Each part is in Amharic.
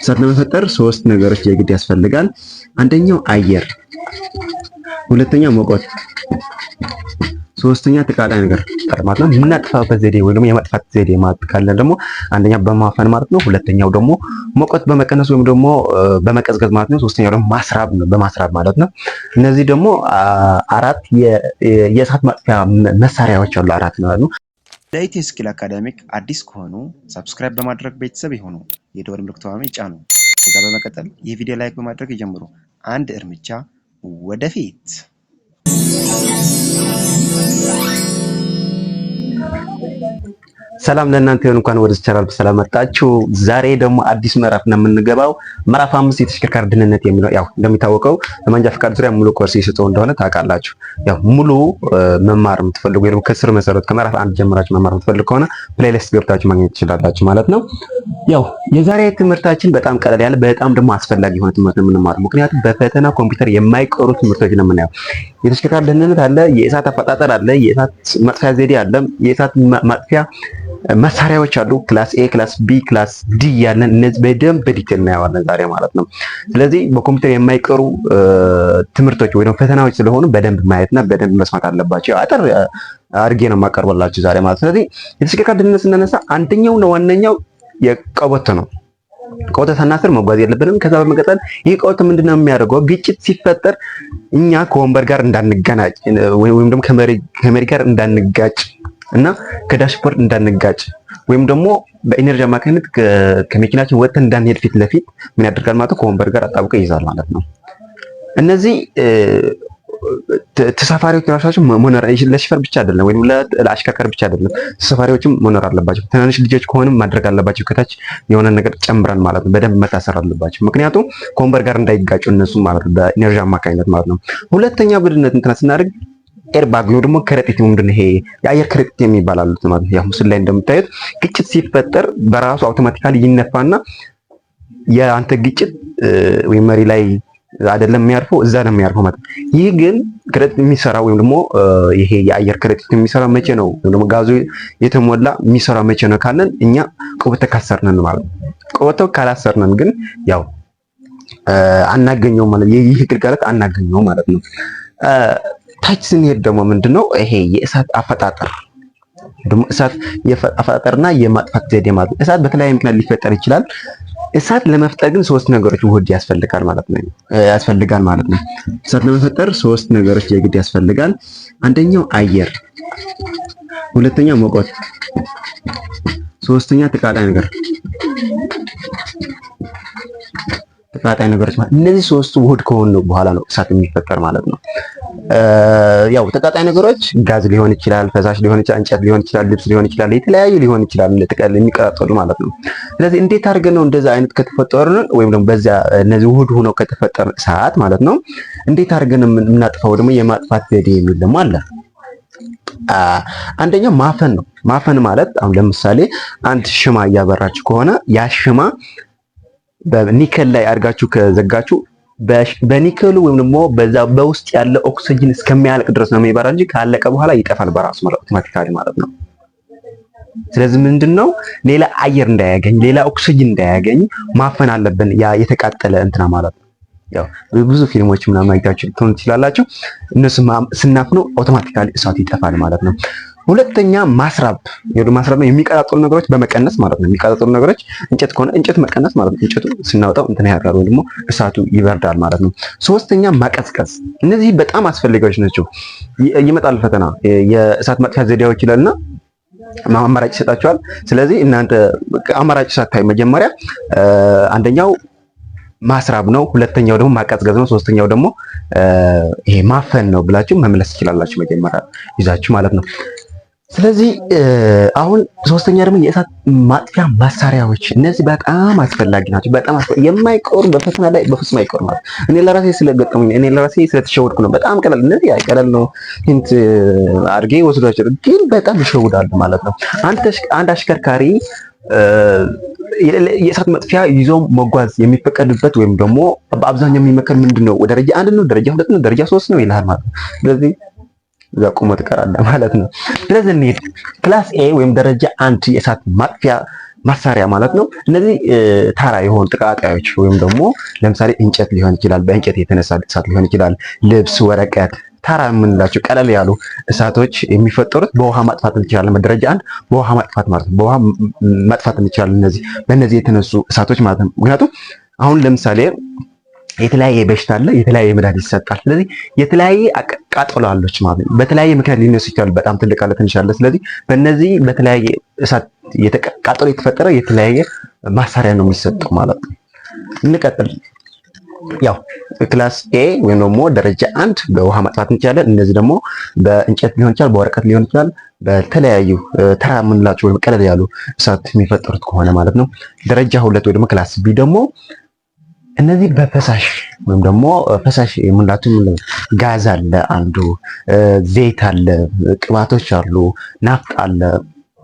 እሳት ለመፈጠር ሶስት ነገሮች የግድ ያስፈልጋል። አንደኛው አየር፣ ሁለተኛው ሙቀት፣ ሶስተኛ ተቃራኒ ነገር ማለት ነው። የምናጥፋበት ዘዴ ወይ ደግሞ የማጥፋት ዘዴ ማለት ደግሞ አንደኛ በማፈን ማለት ነው። ሁለተኛው ደግሞ ሙቀት በመቀነስ ወይም ደግሞ በመቀዝቀዝ ማለት ነው። ሶስተኛው ደግሞ ማስራብ ነው፣ በማስራብ ማለት ነው። እነዚህ ደግሞ አራት የእሳት ማጥፊያ መሳሪያዎች አሉ፣ አራት ማለት ነው። ለኢትዮ ስኪል አካዳሚክ አዲስ ከሆኑ ሰብስክራይብ በማድረግ ቤተሰብ የሆኑ የደወል ምልክቷን ይጫኑ። ከዛ በመቀጠል ይህ ቪዲዮ ላይክ በማድረግ ይጀምሩ። አንድ እርምጃ ወደፊት ሰላም ለእናንተ ይሁን። እንኳን ወደ ቻናል በሰላም መጣችሁ። ዛሬ ደግሞ አዲስ ምዕራፍ ነው የምንገባው። ምዕራፍ አምስት የተሽከርካሪ ደህንነት የሚለው ያው እንደሚታወቀው በመንጃ ፈቃድ ዙሪያ ሙሉ ኮርስ እየሰጠው እንደሆነ ታውቃላችሁ። ያው ሙሉ መማር የምትፈልጉ ወይም ከስር መሰረት ከምዕራፍ አንድ ጀምራችሁ መማር የምትፈልጉ ከሆነ ፕሌሊስት ገብታችሁ ማግኘት ትችላላችሁ ማለት ነው። ያው የዛሬ ትምህርታችን በጣም ቀለል ያለ በጣም ደግሞ አስፈላጊ የሆነ ትምህርት ነው የምንማረው። ምክንያቱም በፈተና ኮምፒውተር የማይቀሩ ትምህርቶች ነው የምናየው። የተሽከርካሪ ደህንነት አለ፣ የእሳት አፈጣጠር አለ፣ የእሳት መጥፊያ ዘዴ አለ፣ የእሳት ማጥፊያ መሳሪያዎች አሉ። ክላስ ኤ፣ ክላስ ቢ፣ ክላስ ዲ ያለን እነዚህ በደንብ በዲቴል እናየዋለን ዛሬ ማለት ነው። ስለዚህ በኮምፒውተር የማይቀሩ ትምህርቶች ወይም ፈተናዎች ስለሆኑ በደንብ ማየትና በደንብ መስማት አለባቸው። አጠር አድርጌ ነው የማቀርበላችሁ ዛሬ ማለት። ስለዚህ የተሽከርካሪ ደህንነት ስናነሳ ነው ዋነኛው የቀበቶ ነው። ቀውተ ሳናስር መጓዝ የለብንም። ከዛ በመቀጠል ይህ ቀውተ ምንድነው የሚያደርገው? ግጭት ሲፈጠር እኛ ከወንበር ጋር እንዳንገናጭ ወይም ደግሞ ከመሪ ጋር እንዳንጋጭ እና ከዳሽቦርድ እንዳንጋጭ ወይም ደግሞ በኢነርጂ አማካኝነት ከመኪናችን ወጥተን እንዳንሄድ ፊት ለፊት ምን ያደርጋል ማለት ከወንበር ጋር አጣብቆ ይይዛል ማለት ነው። እነዚህ ተሳፋሪዎች ራሳቸው መኖር ለሽፈር ብቻ አይደለም ወይም ለአሽከርካሪ ብቻ አይደለም፣ ተሳፋሪዎችም መኖር አለባቸው። ትናንሽ ልጆች ከሆንም ማድረግ አለባቸው። ከታች የሆነ ነገር ጨምረን ማለት ነው በደንብ መታሰር አለባቸው። ምክንያቱም ከወንበር ጋር እንዳይጋጩ እነሱ ማለት ነው በኢነርጂ አማካኝነት ማለት ነው። ሁለተኛ ብድነት እንትና ስናደርግ ኤርባግ ነው ደግሞ ከረጢት ነው። ነው ይሄ የአየር ከረጢት የሚባል አሉት ማለት ነው። ያው ምስል ላይ እንደምታዩት ግጭት ሲፈጠር በራሱ አውቶማቲካሊ ይነፋና የአንተ ግጭት ወይም መሪ ላይ አይደለም የሚያርፈው እዛ ነው የሚያርፈው ማለት ነው። ይህ ግን ከረጢት የሚሰራ ወይም ደግሞ ይሄ የአየር ከረጢት የሚሰራ መቼ ነው ወይም ደግሞ ጋዙ የተሞላ የሚሰራ መቼ ነው ካለን እኛ ቆበተ ካሰርነን ማለት ነው። ቆበተ ካላሰርነን ግን ያው አናገኘው ማለት ይህ ግልጋሎት አናገኘው ማለት ነው። ታች ስንሄድ ደግሞ ምንድነው ይሄ የእሳት አፈጣጠር ደግሞ እሳት አፈጣጠርና የማጥፋት ዘዴ ማለት ነው። እሳት በተለያየ ምክንያት ሊፈጠር ይችላል። እሳት ለመፍጠር ግን ሶስት ነገሮች ውህድ ያስፈልጋል ማለት ነው ያስፈልጋል ማለት ነው። እሳት ለመፈጠር ሶስት ነገሮች የግድ ያስፈልጋል። አንደኛው አየር፣ ሁለተኛው ሙቀት፣ ሶስተኛ ተቃጣይ ነገር ተቃጣይ ነገሮች ማለት እነዚህ ሶስቱ ውህድ ከሆኑ በኋላ ነው እሳት የሚፈጠር ማለት ነው። ያው ተቃጣይ ነገሮች ጋዝ ሊሆን ይችላል፣ ፈሳሽ ሊሆን ይችላል፣ እንጨት ሊሆን ይችላል፣ ልብስ ሊሆን ይችላል፣ የተለያዩ ሊሆን ይችላል የሚቀጣጠሉ ማለት ነው። ስለዚህ እንዴት አድርገን ነው እንደዛ አይነት ከተፈጠሩን ወይም ደግሞ በዛ እነዚህ ውህድ ሆነው ከተፈጠረ ሰዓት ማለት ነው እንዴት አድርገን የምናጥፋው ደግሞ የማጥፋት ዘዴ የሚል ደግሞ አለ። አንደኛው ማፈን ነው። ማፈን ማለት አሁን ለምሳሌ አንድ ሽማ እያበራችሁ ከሆነ ያ ሽማ በኒከል ላይ አድርጋችሁ ከዘጋችሁ በኒክሉ ወይም ደግሞ በዛ በውስጥ ያለ ኦክሲጅን እስከሚያልቅ ድረስ ነው የሚበራ እንጂ ካለቀ በኋላ ይጠፋል በራሱ አውቶማቲካሊ ማለት ነው። ስለዚህ ምንድን ነው ሌላ አየር እንዳያገኝ ሌላ ኦክሲጅን እንዳያገኝ ማፈን አለብን፣ ያ የተቃጠለ እንትና ማለት ነው። ያው ብዙ ፊልሞች ምናምን አይታችሁ ትሆኑ ትችላላችሁ። እነሱ ስናፍነው አውቶማቲካሊ እሳቱ ይጠፋል ማለት ነው። ሁለተኛ ማስራብ የወደ ማስራብ የሚቀጣጠሉ ነገሮች በመቀነስ ማለት ነው። የሚቀጣጠሉ ነገሮች እንጨት ከሆነ እንጨት መቀነስ ማለት ነው። እንጨቱ ስናወጣው እንትን ያርጋል ወይ ደግሞ እሳቱ ይበርዳል ማለት ነው። ሶስተኛ ማቀዝቀዝ። እነዚህ በጣም አስፈልጋዎች ናቸው። ይመጣል ፈተና የእሳት ማጥፊያ ዘዴዎች ይላልና አማራጭ ይሰጣቸዋል። ስለዚህ እናንተ አማራጭ ሳታይ መጀመሪያ አንደኛው ማስራብ ነው። ሁለተኛው ደግሞ ማቀዝቀዝ ነው። ሶስተኛው ደግሞ ይሄ ማፈን ነው ብላችሁ መመለስ ትችላላችሁ። መጀመሪያ ይዛችሁ ማለት ነው። ስለዚህ አሁን ሶስተኛ ደግሞ የእሳት ማጥፊያ መሳሪያዎች እነዚህ በጣም አስፈላጊ ናቸው። በጣም የማይቆሩ በፈተና ላይ በፍጹም አይቆሩ ማለት እኔ ለራሴ ስለገጠሙኝ እኔ ለራሴ ስለተሸወድኩ ነው። በጣም ቀላል እነዚህ ቀላል ነው። ሂንት አድርጌ ወስዷቸው ግን በጣም ይሸውዳሉ ማለት ነው። አንድ አሽከርካሪ የእሳት መጥፊያ ይዞ መጓዝ የሚፈቀድበት ወይም ደግሞ በአብዛኛው የሚመከር ምንድን ነው? ደረጃ አንድ ነው፣ ደረጃ ሁለት ነው፣ ደረጃ ሶስት ነው ይልሃል ማለት ነው። ስለዚህ እዛ ቁሞ ትቀራለህ ማለት ነው። ስለዚህ እንሂድ። ክላስ ኤ ወይም ደረጃ አንድ የእሳት ማጥፊያ መሳሪያ ማለት ነው። እነዚህ ታራ የሆኑ ጥቃቃዮች ወይም ደግሞ ለምሳሌ እንጨት ሊሆን ይችላል፣ በእንጨት የተነሳ እሳት ሊሆን ይችላል፣ ልብስ፣ ወረቀት ታራ የምንላቸው ቀለል ያሉ እሳቶች የሚፈጠሩት በውሃ ማጥፋት እንችላለን። ደረጃ አንድ በውሃ ማጥፋት ማለት ነው። በውሃ ማጥፋት እንችላለን እነዚህ በእነዚህ የተነሱ እሳቶች ማለት ነው። ምክንያቱም አሁን ለምሳሌ የተለያየ በሽታ አለ፣ የተለያየ መድኃኒት ይሰጣል። ስለዚህ የተለያየ ቃጠሎዎች ማለት ነው በተለያየ ምክንያት ሊነሱ ይችላሉ። በጣም ትልቅ አለ፣ ትንሽ አለ። ስለዚህ በእነዚህ በተለያየ እሳት ቃጠሎ የተፈጠረ የተለያየ ማሳሪያ ነው የሚሰጠው ማለት ነው። እንቀጥል። ያው ክላስ ኤ ወይም ደግሞ ደረጃ አንድ በውሃ ማጥፋት እንችላለን። እነዚህ ደግሞ በእንጨት ሊሆን ይችላል፣ በወረቀት ሊሆን ይችላል፣ በተለያዩ ተራ የምንላቸው ወይም ቀለል ያሉ እሳት የሚፈጠሩት ከሆነ ማለት ነው። ደረጃ ሁለት ወይ ደግሞ ክላስ ቢ ደግሞ እነዚህ በፈሳሽ ወይም ደግሞ ፈሳሽ የምንላቸው ጋዝ አለ፣ አንዱ ዘይት አለ፣ ቅባቶች አሉ፣ ናፍጥ አለ፣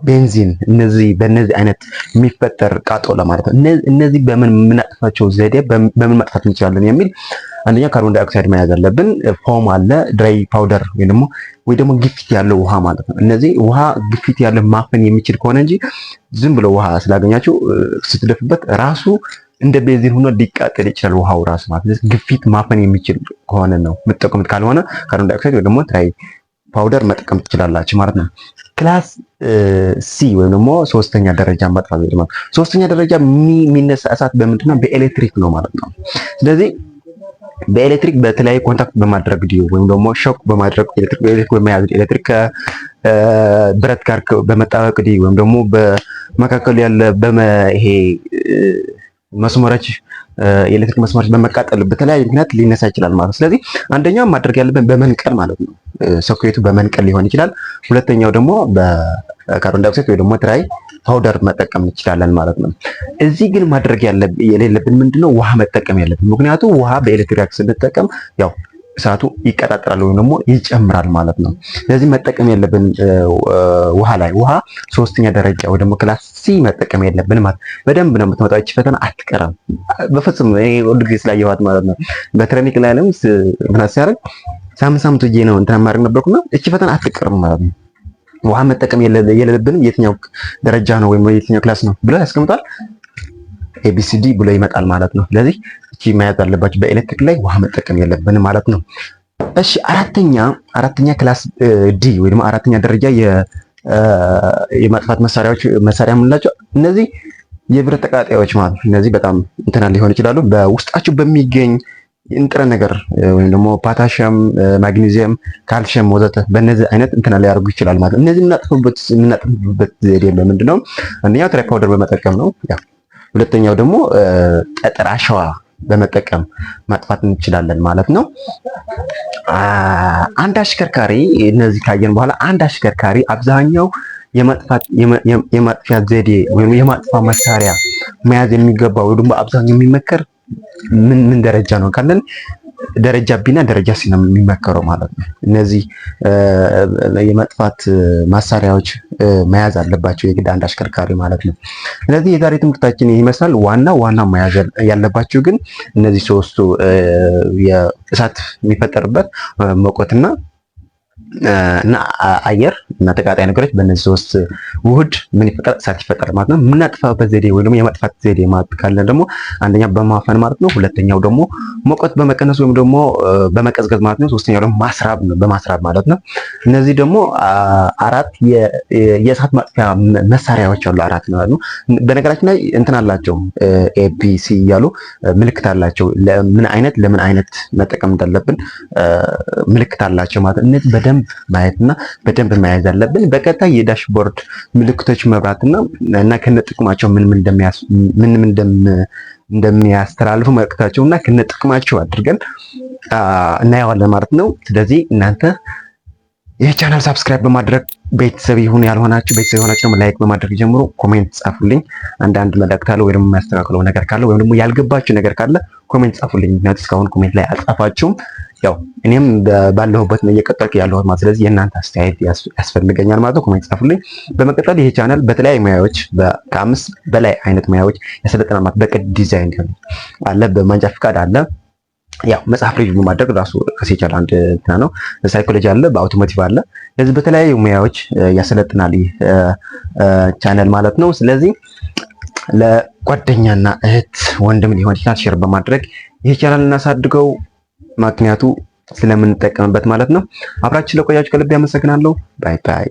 ቤንዚን። እነዚህ በእነዚህ አይነት የሚፈጠር ቃጠሎ ለማለት ነው። እነዚህ በምን የምናጥፋቸው ዘዴ በምን ማጥፋት እንችላለን የሚል አንደኛ ካርቦን ዳይኦክሳይድ መያዝ አለብን። ፎም አለ፣ ድራይ ፓውደር ወይ ደግሞ ወይ ደግሞ ግፊት ያለው ውሃ ማለት ነው። እነዚህ ውሃ ግፊት ያለ ማፈን የሚችል ከሆነ እንጂ ዝም ብሎ ውሃ ስላገኛችሁ ስትደፍበት ራሱ እንደ ቤንዚን ሆኖ ሊቃጠል ይችላል ውሃው ራሱ ማለት ግፊት ማፈን የሚችል ከሆነ ነው የምትጠቀሙት። ካልሆነ ካርቦን ዳይኦክሳይድ ወይ ደግሞ ድራይ ፓውደር መጠቀም ትችላላችሁ ማለት ነው። ክላስ ሲ ወይም ደግሞ ሶስተኛ ደረጃ ማጥፋት ሶስተኛ ደረጃ የሚነሳ እሳት በምንድን ነው? በኤሌክትሪክ ነው ማለት ነው። ስለዚህ በኤሌክትሪክ በተለያዩ ኮንታክት በማድረግ ዲዩ ወይም ደግሞ ሾክ በማድረግ ኤሌክትሪክ በመያዝ ኤሌክትሪክ ከብረት ጋር በመጣበቅ ዲዩ ወይም ደግሞ በመካከሉ ያለ ይሄ መስመሮች የኤሌክትሪክ መስመሮች በመቃጠል በተለያየ ምክንያት ሊነሳ ይችላል ማለት ስለዚህ አንደኛው ማድረግ ያለብን በመንቀል ማለት ነው። ሶኬቱ በመንቀል ሊሆን ይችላል። ሁለተኛው ደግሞ ካርቦን ዳይኦክሳይድ ወይ ደግሞ ድራይ ፓውደር መጠቀም እንችላለን ማለት ነው። እዚህ ግን ማድረግ የሌለብን ምንድነው ውሃ መጠቀም ያለብን። ምክንያቱም ውሃ በኤሌክትሪክ ስንጠቀም ያው እሳቱ ይቀጣጠራል ወይም ደግሞ ይጨምራል ማለት ነው። ስለዚህ መጠቀም ያለብን ውሃ ላይ ውሃ ሶስተኛ ደረጃ ወይ ደግሞ ክላስ ሲ መጠቀም ያለብን ማለት በደንብ ነው የምትመጣው እቺ ፈተና አትቀረም በፍጹም። እኔ ሁሉ ጊዜ ስላየኋት ማለት ነው በትረኒክ ላይ ለም ምናምን ሲያደርግ ሳምንት ሳምንት ውዬ ነው እንትና ማድረግ ነበርኩና እቺ ፈተና አትቀርም ማለት ነው። ውሃ መጠቀም የለብንም የትኛው ደረጃ ነው ወይም የትኛው ክላስ ነው ብሎ ያስቀምጣል። ኤቢሲዲ ብሎ ይመጣል ማለት ነው። ስለዚህ እቺ መያዝ አለባቸው። በኤሌክትሪክ ላይ ውሃ መጠቀም የለብንም ማለት ነው። እሺ አራተኛ አራተኛ ክላስ ዲ ወይ ደግሞ አራተኛ ደረጃ የማጥፋት መሳሪያዎች መሳሪያ የምንላቸው እነዚህ የብረት ተቃጣዮች ማለት ነው። እነዚህ በጣም እንትና ሊሆን ይችላሉ በውስጣቸው በሚገኝ ንጥረ ነገር ወይም ደግሞ ፓታሽም፣ ማግኔዚየም፣ ካልሽየም ወዘተ በእነዚህ አይነት እንትና ላይ ያደርጉ ይችላል ማለት ነው። እነዚህ የምናጥፍበት የምናጥፍበት ዘዴ በምንድን ነው? አንደኛው ትራይ ፓውደር በመጠቀም ነው። ሁለተኛው ደግሞ ጠጠር አሸዋ በመጠቀም ማጥፋት እንችላለን ማለት ነው። አንድ አሽከርካሪ እነዚህ ካየን በኋላ አንድ አሽከርካሪ አብዛኛው የማጥፊያ ዘዴ ወይም የማጥፋ መሳሪያ መያዝ ወይ ደግሞ አብዛኛው የሚመከር ምን ምን ደረጃ ነው ካለን ደረጃ ቢና ደረጃ ሲ ነው የሚመከረው ማለት ነው። እነዚህ የመጥፋት መሳሪያዎች መያዝ አለባቸው የግድ አንድ አሽከርካሪ ማለት ነው። ስለዚህ የዛሬ ትምህርታችን ይህ ይመስላል። ዋና ዋና መያዝ ያለባቸው ግን እነዚህ ሶስቱ የእሳት የሚፈጠርበት መቆትና እና አየር እና ተቃጣይ ነገሮች በእነዚህ ሶስት ውህድ ምን ይፈጠራል? እሳት ይፈጠራል ማለት ነው። የምናጥፋበት ዘዴ ወይ ደግሞ የማጥፋት ዘዴ ማለት ካለ ደግሞ አንደኛው በማፈን ማለት ነው። ሁለተኛው ደግሞ ሙቀት በመቀነስ ወይም ደግሞ በመቀዝቀዝ ማለት ነው። ሶስተኛው ደግሞ ማስራብ ነው፣ በማስራብ ማለት ነው። እነዚህ ደግሞ አራት የእሳት ማጥፊያ መሳሪያዎች አሉ፣ አራት ማለት ነው። በነገራችን ላይ እንትን አላቸው፣ ኤቢሲ እያሉ ምልክት አላቸው። ለምን አይነት ለምን አይነት መጠቀም እንዳለብን ምልክት አላቸው ማለት ነው። በደንብ ማየትና በደንብ መያዝ አለብን። በቀጣይ የዳሽቦርድ ምልክቶች መብራትና እና ከነ ጥቅማቸው ምን ምን እንደሚያስተላልፉ መልእክታቸው እና ከነ ጥቅማቸው አድርገን እናየዋለን ማለት ነው። ስለዚህ እናንተ ይህ ቻናል ሳብስክራይብ በማድረግ ቤተሰብ ይሁን ያልሆናችሁ ቤተሰብ የሆናችሁ ላይክ በማድረግ ጀምሮ ኮሜንት ጻፉልኝ። አንዳንድ መልእክት አለ ወይ ደግሞ የሚያስተካክለው ነገር ካለ ወይም ደግሞ ያልገባችሁ ነገር ካለ ኮሜንት ጻፉልኝ። ምክንያቱ እስካሁን ኮሜንት ላይ አልጻፋችሁም። ያው እኔም ባለሁበት ነው እየቀጠልኩ ያለሁት ማለት ስለዚህ የእናንተ አስተያየት ያስፈልገኛል ማለት ነው። ኮሜንት ጻፉልኝ። በመቀጠል ይሄ ቻናል በተለያዩ ሙያዎች ከአምስት በላይ አይነት ሙያዎች ያሰለጠና ማለት በቅድ ዲዛይን ሊሆን አለ፣ በማንጃ ፍቃድ አለ። ያው መጽሐፍ ሪቪው ማድረግ ራሱ ከሴቻል አንድ እንትና ነው። ሳይኮሎጂ አለ፣ በአውቶሞቲቭ አለ። ስለዚህ በተለያዩ ሙያዎች ያሰለጥናል ይህ ቻናል ማለት ነው። ስለዚህ ለጓደኛና እህት ወንድም ሊሆን ይችላል ሼር በማድረግ ይህ ቻናል እናሳድገው። ምክንያቱ ስለምንጠቀምበት ማለት ነው። አብራችን ለቆያችሁ ከልብ ያመሰግናለሁ። ባይ ባይ።